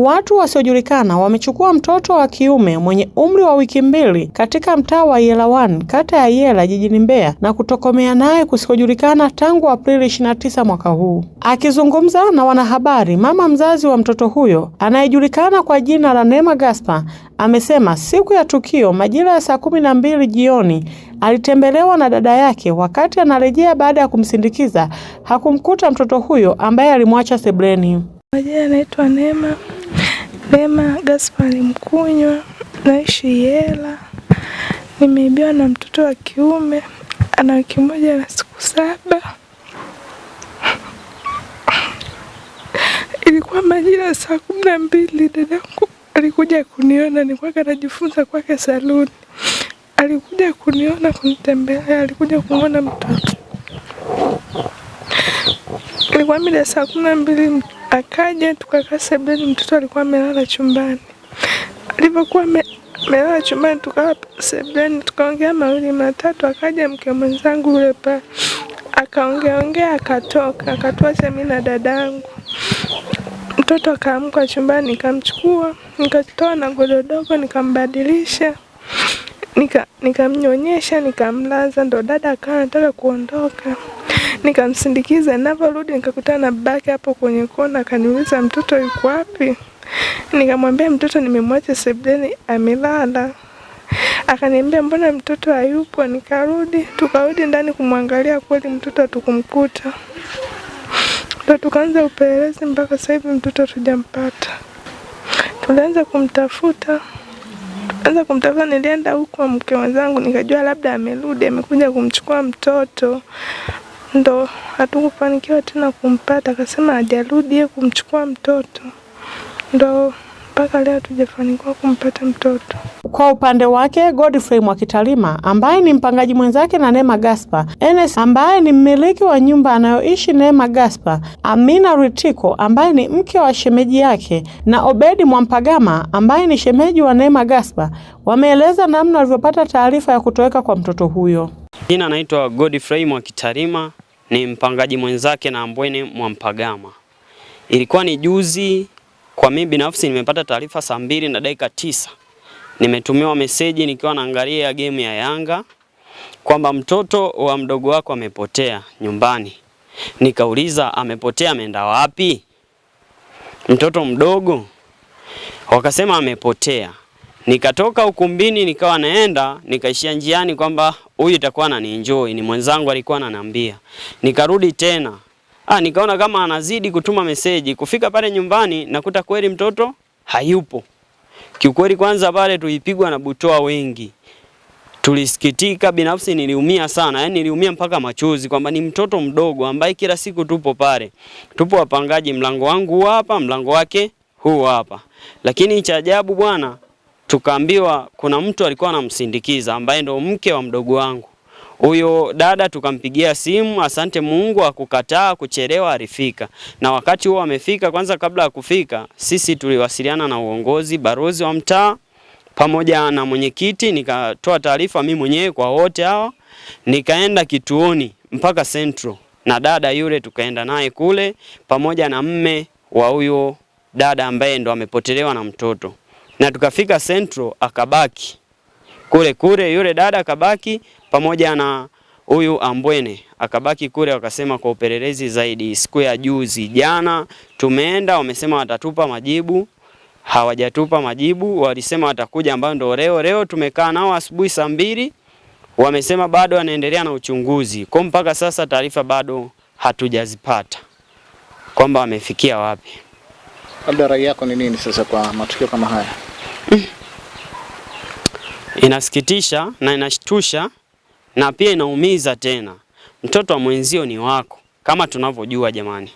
Watu wasiojulikana wamechukua mtoto wa kiume mwenye umri wa wiki mbili katika mtaa wa Yela 1 kata ya Yela jijini Mbeya na kutokomea naye kusikojulikana tangu Aprili 29 mwaka huu. Akizungumza na wanahabari, mama mzazi wa mtoto huyo anayejulikana kwa jina la Neema Gaspar amesema siku ya tukio majira ya saa kumi na mbili jioni alitembelewa na dada yake. Wakati anarejea baada ya kumsindikiza, hakumkuta mtoto huyo ambaye alimwacha sebleni. Majina anaitwa Neema Neema Gaspari Mkunywa, naishi Yela. Nimeibiwa na mtoto wa kiume, ana wiki moja na siku saba. Ilikuwa majira saa kumi na mbili dadangu alikuja kuniona, nilikuwa anajifunza kwake saluni. Alikuja kuniona kunitembelea, alikuja kumwona mtoto alikuwa mida saa kumi na mbili akaja, tukakaa sebuleni, mtoto alikuwa amelala chumbani. Alivyokuwa amelala chumbani, tukawa sebuleni, tukaongea mawili matatu, akaja mke mwenzangu yule pale ongea, akatoka, akatoa semina na dadangu mtoto akaamka chumbani, nikamchukua nikatoa na gododogo nikambadilisha, nikamnyonyesha, nika nikamlaza, ndo dada akaa anataka kuondoka. nikamsindikiza. Ninaporudi nikakutana na babake hapo kwenye kona, akaniuliza mtoto yuko wapi? Nikamwambia mtoto nimemwacha sebuleni amelala. Akaniambia mbona mtoto hayupo? Nikarudi, tukarudi ndani kumwangalia, kweli mtoto hatukumkuta. Ndo tukaanza upelelezi, mpaka sasa hivi mtoto hatujampata. Tulianza kumtafuta anza kumtafuta, nilienda huko mke wenzangu, nikajua labda amerudi amekuja kumchukua mtoto ndo hatukufanikiwa tena kumpata, akasema ajarudi kumchukua mtoto, ndo mpaka leo hatujafanikiwa kumpata mtoto. Kwa upande wake Godfrey Mwakitalima ambaye ni mpangaji mwenzake na Neema Gaspar, Enes ambaye ni mmiliki wa nyumba anayoishi Neema Gaspar, Amina Ritiko ambaye ni mke wa shemeji yake na Obedi Mwampagama ambaye ni shemeji wa Neema Gaspar wameeleza namna walivyopata taarifa ya kutoweka kwa mtoto huyo. Jina anaitwa Godfrey Mwakitalima ni mpangaji mwenzake na mwa Mwampagama. Ilikuwa ni juzi, kwa mimi binafsi nimepata taarifa saa mbili na dakika tisa nimetumiwa meseji nikiwa naangalia game ya Yanga kwamba mtoto wa mdogo wako amepotea nyumbani. Nikauliza, amepotea ameenda wapi? Mtoto mdogo? Wakasema amepotea. Nikatoka ukumbini nikawa naenda, nikaishia njiani kwamba huyu itakuwa ananienjoy, ni mwenzangu alikuwa ananiambia. Nikarudi tena. Ah, nikaona kama anazidi kutuma meseji. Kufika pale nyumbani nakuta kweli mtoto hayupo. Kiukweli kwanza pale tulipigwa na butoa wengi. Tulisikitika, binafsi niliumia sana, yaani niliumia mpaka machozi kwamba ni mtoto mdogo ambaye kila siku tupo pale. Tupo wapangaji, mlango wangu hapa, mlango wake huu hapa. Lakini cha ajabu bwana tukaambiwa kuna mtu alikuwa anamsindikiza ambaye ndo mke wa mdogo wangu huyo dada tukampigia simu, asante Mungu akukataa kuchelewa, alifika na wakati huo amefika. Kwanza kabla ya kufika, sisi tuliwasiliana na uongozi, barozi wa mtaa pamoja na mwenyekiti, nikatoa taarifa mimi mwenyewe kwa wote hao, nikaenda kituoni mpaka Central na dada yule, tukaenda naye kule pamoja na mme wa huyo dada ambaye ndo amepotelewa na mtoto na tukafika Central, akabaki kule kule, yule dada akabaki pamoja na huyu Ambwene akabaki kule. Wakasema kwa upelelezi zaidi, siku ya juzi jana tumeenda, wamesema watatupa majibu, hawajatupa majibu. Walisema watakuja, ambayo ndio leo leo tumekaa nao asubuhi saa mbili, wamesema bado wanaendelea na uchunguzi. Kwa mpaka sasa taarifa bado hatujazipata kwamba wamefikia wapi. Labda rai yako ni nini sasa kwa matukio kama haya? Inasikitisha na inashtusha na pia inaumiza. Tena mtoto wa mwenzio ni wako, kama tunavyojua jamani,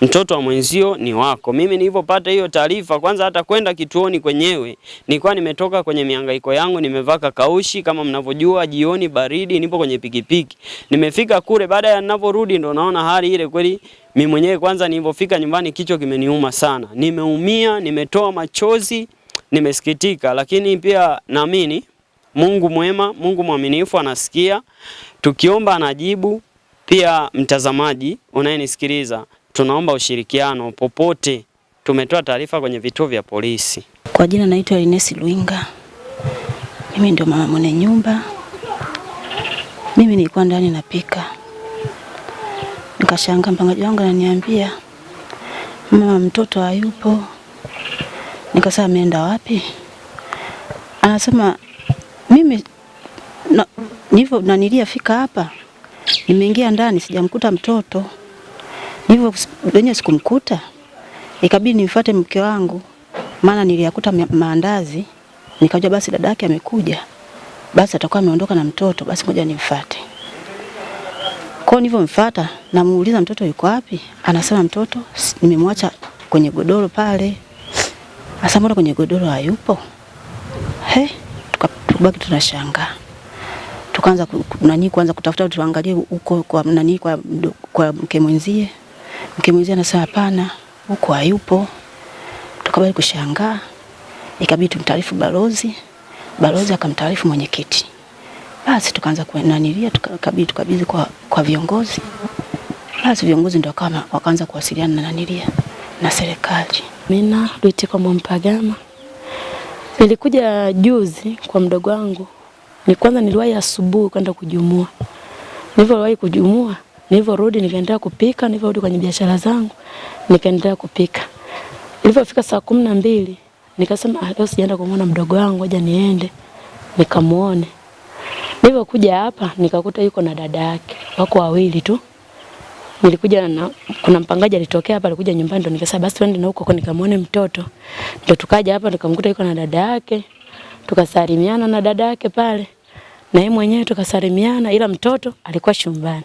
mtoto wa mwenzio ni wako. Mimi nilivyopata hiyo taarifa, kwanza hata kwenda kituoni kwenyewe nilikuwa nimetoka kwenye mihangaiko yangu, nimevaa kakaushi kama mnavyojua, jioni baridi, nipo kwenye pikipiki. Nimefika kule, baada ya ninavyorudi ndo naona hali ile kweli. Mimi mwenyewe kwanza nilivyofika nyumbani, kichwa kimeniuma sana, nimeumia, nimetoa machozi nimesikitika, lakini pia naamini Mungu mwema, Mungu mwaminifu anasikia tukiomba, anajibu. Pia mtazamaji unayenisikiliza, tunaomba ushirikiano popote. Tumetoa taarifa kwenye vituo vya polisi. Kwa jina naitwa Inesi Luinga, mimi ndio mama mwenye nyumba. Mimi nilikuwa ndani napika, nikashangaa mpangaji wangu ananiambia mama mtoto hayupo. Nikasema ameenda wapi? Anasema mimi na, nivyo na niliyafika hapa nimeingia ndani sijamkuta mtoto, nivyo wenyewe sikumkuta, ikabidi nimfuate mke wangu, maana niliyakuta maandazi. Nikajua basi dadake amekuja, basi atakuwa ameondoka na mtoto, basi ngoja nimfuate. Kwa nilivyomfuata, namuuliza mtoto yuko wapi, anasema mtoto nimemwacha kwenye godoro pale. Asa, mbona kwenye godoro hayupo? He, tukabaki tunashangaa. Tukaanza nani kuanza kutafuta tuangalie huko kwa nani kwa kwa mke mwenzie. Mke mwenzie anasema hapana, huko hayupo. Tukabaki kushangaa. Ikabidi tumtaarifu balozi. Balozi akamtaarifu mwenyekiti. Basi tukaanza kuenanilia tukabidi tukabidhi kwa kwa viongozi. Basi viongozi ndio kama wakaanza kuwasiliana na nanilia na serikali. Mina Lwitikwa Mwampagama. Nilikuja juzi kwa mdogo wangu, ni kwanza niliwahi asubuhi kwenda kujumua, nilivyowahi kujumua nilivyorudi nikaendelea kupika, nilivyorudi kwenye biashara zangu nikaendelea kupika. Nilipofika saa kumi na mbili nikasema ah, leo sijaenda kumwona mdogo wangu, aje niende nikamuone. Nilipokuja hapa nikakuta yuko na dada yake, wako wawili tu, nilikuja na kuna mpangaji alitokea hapa, alikuja nyumbani, ndo nikasema basi twende na huko kwa nikamwone mtoto, ndo tukaja hapa, nikamkuta yuko na dada yake, tukasalimiana na dada yake pale na yeye mwenyewe tukasalimiana, ila mtoto alikuwa chumbani.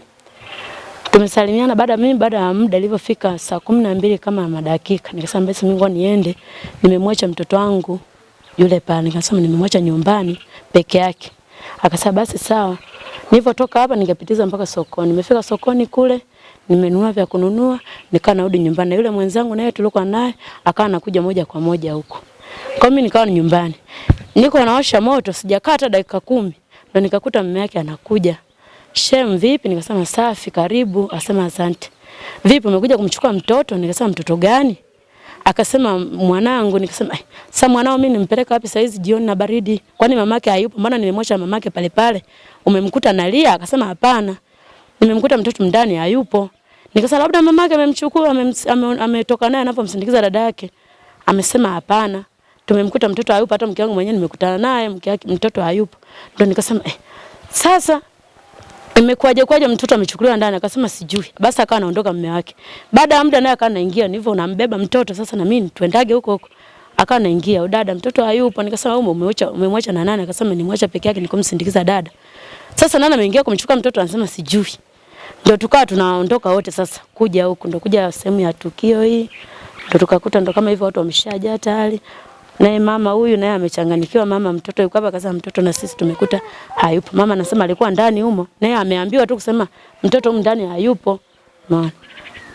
Tumesalimiana baada mimi baada ya muda ilipofika saa kumi na mbili kama madakika, nikasema basi mimi ngo niende, nimemwacha mtoto wangu yule pale, nikasema nimemwacha nyumbani peke yake. Akasema basi sawa. Nilipotoka hapa nikapitiza mpaka sokoni. Nimefika sokoni kule nimenunua vya kununua, nikawa narudi nyumbani na yule mwenzangu naye tulikuwa naye akawa anakuja moja kwa moja huko. Kwa mimi nikawa nyumbani. Niko naosha moto, sijakata dakika kumi ndo nikakuta mume wake anakuja. Shem, vipi? Nikasema safi, karibu. Asema asante. Vipi umekuja kumchukua mtoto? Nikasema mtoto gani? Akasema mwanangu. Nikasema eh, sasa mwanao mimi nimpeleka wapi saizi jioni na baridi? Kwani mamake hayupo? Maana nilimwacha mamake pale pale. Umemkuta nalia? Akasema hapana. Nimemkuta mtoto mdani hayupo. Nikasema labda mama yake amemchukua ametoka naye anapomsindikiza dada yake. Amesema hapana. Tumemkuta mtoto hayupo, hata mke wangu mwenyewe nimekutana naye, mke wake mtoto hayupo. Ndio nikasema eh, sasa imekuaje kwaje mtoto amechukuliwa ndani? Akasema sijui. Basi akawa anaondoka mume wake. Baada ya muda naye akawa anaingia, nivyo nambeba mtoto sasa na mimi tuendage huko huko. Akawa anaingia, dada mtoto hayupo. Nikasema wewe umemwacha umemwacha na nani? Akasema nimwacha peke yake nikomsindikiza dada. Sasa nani ameingia kumchukua mtoto? Anasema sijui. Ndio tukawa tunaondoka wote sasa kuja huku, ndio kuja sehemu ya tukio hii, ndio tukakuta ndio kama hivyo watu wameshajaa tayari, naye mama huyu naye amechanganyikiwa. Mama mtoto yuko hapa, kaza mtoto na sisi tumekuta hayupo. Mama anasema alikuwa ndani humo, naye ameambiwa tu kusema mtoto huko ndani hayupo. Maana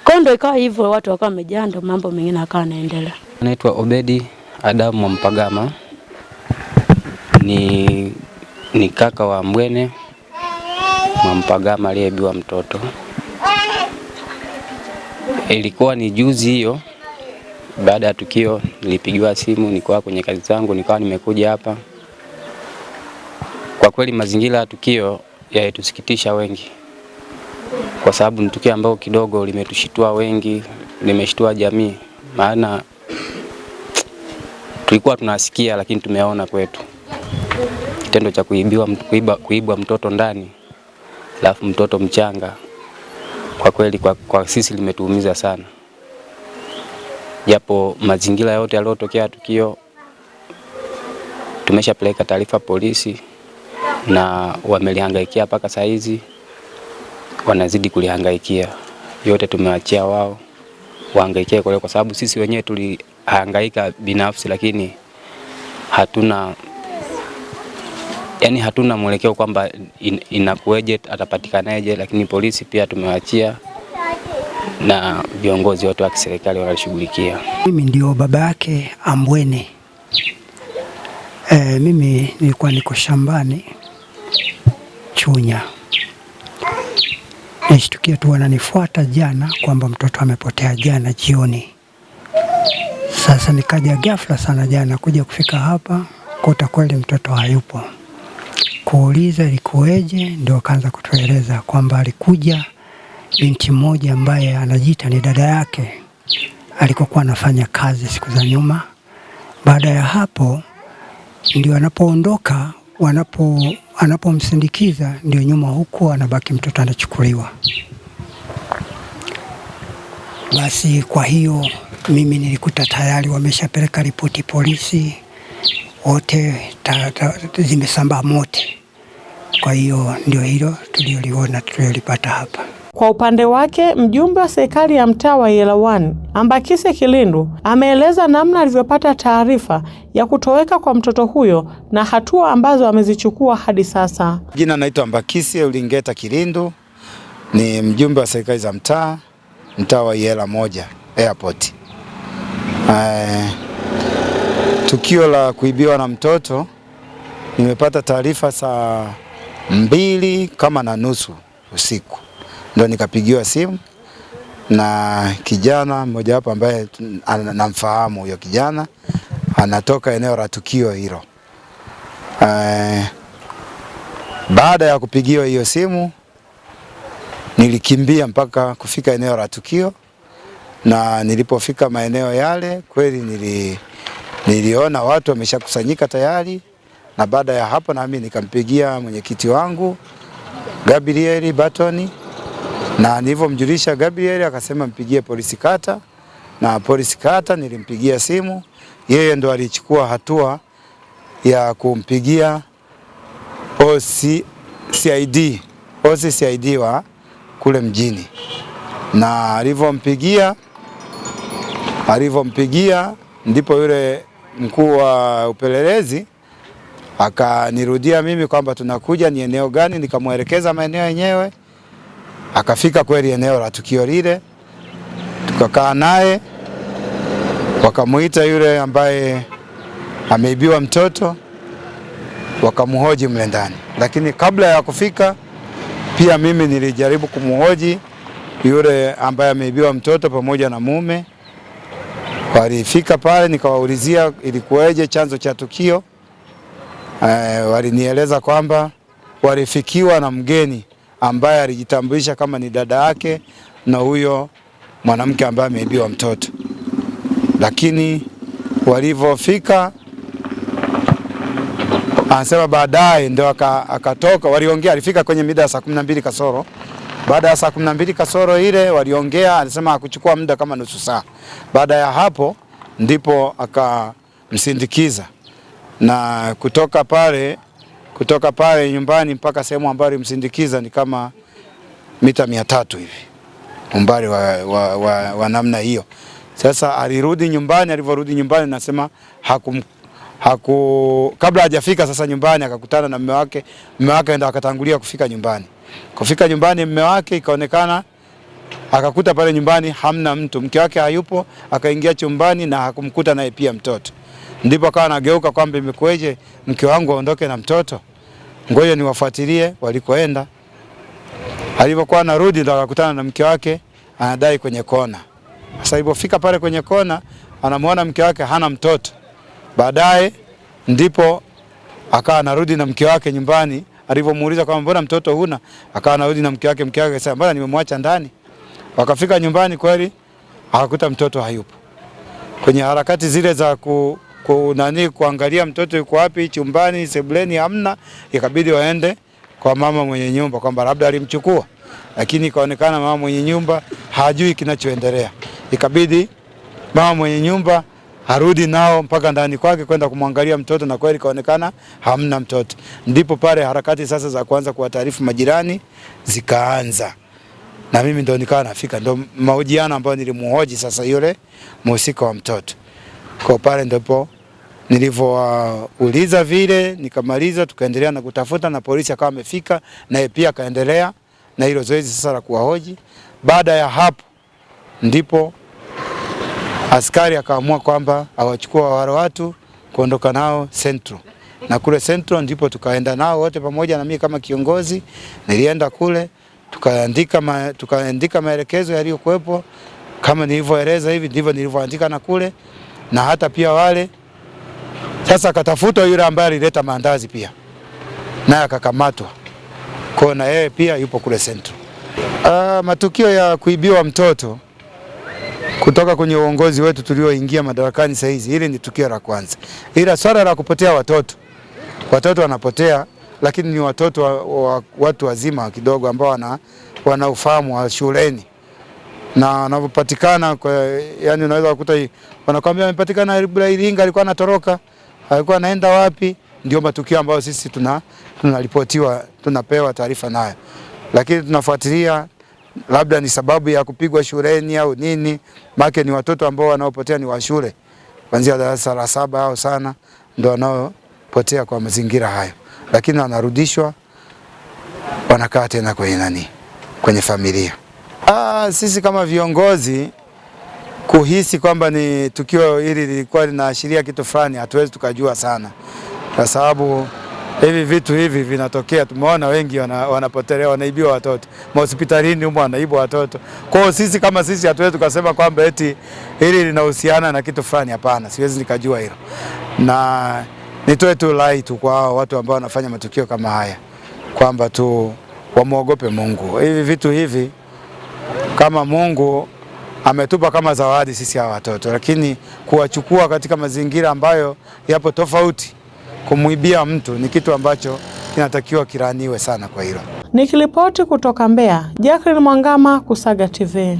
kwa ndio ikawa hivyo, watu wakawa wamejaa, ndio mambo mengine akawa yanaendelea. Anaitwa Obedi Adamu Mpagama, ni ni kaka wa Mbwene Mwampagama aliyeibiwa mtoto. Ilikuwa ni juzi hiyo, baada ya tukio nilipigiwa simu, nilikuwa kwenye kazi zangu, nikawa nimekuja hapa. Kwa kweli mazingira ya tukio yayetusikitisha wengi, kwa sababu ni tukio ambao kidogo limetushitua wengi, limeshitua jamii, maana tulikuwa tunasikia, lakini tumeona kwetu kitendo cha kuibiwa kuibwa mtoto ndani alafu mtoto mchanga, kwa kweli kwa, kwa sisi limetuumiza sana, japo mazingira yote yaliyotokea tukio tumeshapeleka taarifa polisi na wamelihangaikia mpaka saa hizi, wanazidi kulihangaikia. Yote tumewachia wao wahangaikie kwa kwa sababu sisi wenyewe tulihangaika binafsi, lakini hatuna yani hatuna mwelekeo kwamba in, inakueje atapatikanaje, lakini polisi pia tumewachia na viongozi wote wa kiserikali wanashughulikia. Mimi ndio baba yake Ambwene. E, mimi nilikuwa niko shambani Chunya, nishtukia tu wananifuata jana kwamba mtoto amepotea jana jioni. Sasa nikaja ghafla sana jana kuja kufika hapa kuta kweli mtoto hayupo kuuliza ilikuweje, ndio akaanza kutueleza kwamba alikuja binti mmoja ambaye anajiita ni dada yake alikokuwa anafanya kazi siku za nyuma. Baada ya hapo ndio anapoondoka wanapo anapomsindikiza ndio nyuma huku anabaki mtoto anachukuliwa. Basi kwa hiyo mimi nilikuta tayari wameshapeleka ripoti polisi, wote zimesambaa mote kwa hiyo ndio hilo tulioliona tuliolipata hapa. Kwa upande wake mjumbe wa serikali ya mtaa wa Yelewani Ambakise Kilindu ameeleza namna alivyopata taarifa ya kutoweka kwa mtoto huyo na hatua ambazo amezichukua hadi sasa. Jina naitwa Ambakise Ulingeta Kilindu, ni mjumbe wa serikali za mtaa mtaa wa Yela moja airport. Ae, eh, tukio la kuibiwa na mtoto nimepata taarifa saa mbili kama na nusu usiku ndo nikapigiwa simu na kijana mmoja wapo ambaye namfahamu. Huyo kijana anatoka eneo la tukio hilo. E, baada ya kupigiwa hiyo simu nilikimbia mpaka kufika eneo la tukio, na nilipofika maeneo yale kweli nili, niliona watu wameshakusanyika tayari na baada ya hapo nami nikampigia mwenyekiti wangu Gabrieli Batoni na nilivyomjulisha Gabrieli akasema mpigie polisi kata, na polisi kata nilimpigia simu, yeye ndo alichukua hatua ya kumpigia OC CID, CID wa kule mjini, na alivyompigia alivyompigia ndipo yule mkuu wa upelelezi akanirudia mimi kwamba tunakuja ni eneo gani, nikamwelekeza maeneo yenyewe. Akafika kweli eneo la tukio lile, tukakaa naye, wakamwita yule ambaye ameibiwa mtoto, wakamhoji mle ndani. Lakini kabla ya kufika pia mimi nilijaribu kumhoji yule ambaye ameibiwa mtoto pamoja na mume. Walifika pale, nikawaulizia ilikuweje chanzo cha tukio eh, walinieleza kwamba walifikiwa na mgeni ambaye alijitambulisha kama ni dada yake na huyo mwanamke ambaye ameibiwa mtoto, lakini walivyofika anasema baadaye ndio akatoka, waliongea. Alifika kwenye mida ya saa kumi na mbili kasoro. Baada ya saa kumi na mbili kasoro ile waliongea, alisema hakuchukua muda kama nusu saa. Baada ya hapo ndipo akamsindikiza na kutoka pale kutoka pale nyumbani mpaka sehemu ambayo ilimsindikiza ni kama mita mia tatu hivi umbali wa, wa, wa, wa namna hiyo. Sasa alirudi nyumbani, alivyorudi nyumbani nasema haku, haku, kabla hajafika sasa nyumbani akakutana na mume wake, mume wake ndo akatangulia kufika nyumbani. Kufika nyumbani mume wake ikaonekana akakuta pale nyumbani hamna mtu, mke wake hayupo, akaingia chumbani na hakumkuta naye pia mtoto Ndipo akawa anageuka kwamba imekuweje mke wangu aondoke na mtoto, ngoja niwafuatilie walikoenda. Alipokuwa anarudi ndo akakutana na mke wake anadai kwenye kona. Sasa ilipofika pale kwenye kona, anamwona mke wake hana mtoto. Baadaye ndipo akawa anarudi na mke wake nyumbani. Alipomuuliza kwamba mbona mtoto huna, akawa anarudi na mke wake. Mke wake akasema mbona nimemwacha ndani. Wakafika nyumbani kweli akakuta mtoto hayupo. Kwenye harakati zile za ku kunani kuangalia mtoto yuko wapi, chumbani, sebuleni, hamna. Ikabidi waende kwa mama mwenye nyumba kwamba labda alimchukua, lakini ikaonekana mama mwenye nyumba hajui kinachoendelea. Ikabidi mama mwenye nyumba arudi nao mpaka ndani kwake kwenda kumwangalia mtoto, na kweli kaonekana hamna mtoto. Ndipo pale harakati sasa za kuanza kuwataarifu majirani zikaanza, na mimi ndo nikawa nafika, ndo mahojiano ambayo nilimuhoji sasa yule mhusika wa mtoto kwa pale ndipo Nilivyouliza vile nikamaliza, tukaendelea na kutafuta na polisi akawa amefika naye pia akaendelea na hilo zoezi sasa la kuwahoji. Baada ya hapo ndipo askari akaamua kwamba awachukua wale watu kuondoka nao Central, na kule Central ndipo tukaenda nao wote pamoja, na mimi kama kiongozi nilienda kule tukaandika ma, tukaandika maelekezo yaliyokuwepo kama nilivyoeleza hivi ndivyo nilivyoandika na kule na hata pia wale sasa akatafutwa yule ambaye alileta maandazi pia naye akakamatwa, kwa na yeye pia yupo kule sentro. Ah, matukio ya kuibiwa mtoto kutoka kwenye uongozi wetu tulioingia madarakani sasa, hizi hili ni tukio la kwanza, ila swala la kupotea watoto, watoto wanapotea, lakini ni watoto wa, wa, watu wazima kidogo ambao wana, wana ufahamu wa shuleni na wanavyopatikana, yani unaweza kukuta wanakwambia amepatikana Iringa, alikuwa anatoroka alikuwa anaenda wapi, ndio matukio ambayo sisi tuna tunaripotiwa tunapewa taarifa nayo, lakini tunafuatilia labda ni sababu ya kupigwa shuleni au nini, maana ni watoto ambao wanaopotea ni wa shule kuanzia darasa la saba au sana ndio wanaopotea kwa mazingira hayo, lakini wanarudishwa wanakaa tena kwenye nani, kwenye familia. Aa, ah, sisi kama viongozi kuhisi kwamba ni tukio hili lilikuwa linaashiria kitu fulani, hatuwezi tukajua sana, kwa sababu hivi vitu hivi vinatokea. Tumeona wengi wanapotelea, wanaibiwa watoto mahospitalini humo, wanaibwa watoto. Kwa hiyo sisi kama sisi hatuwezi tukasema kwamba eti hili linahusiana na kitu fulani, hapana, siwezi nikajua hilo, na nitoe tu rai tu kwa watu ambao wanafanya matukio kama haya kwamba tu wamwogope Mungu. Hivi vitu hivi kama Mungu ametupa kama zawadi sisi hawa watoto, lakini kuwachukua katika mazingira ambayo yapo tofauti, kumwibia mtu ni kitu ambacho kinatakiwa kiraniwe sana kwa hilo. Nikilipoti kutoka Mbeya, Jacqueline Mwangama, Kusaga TV.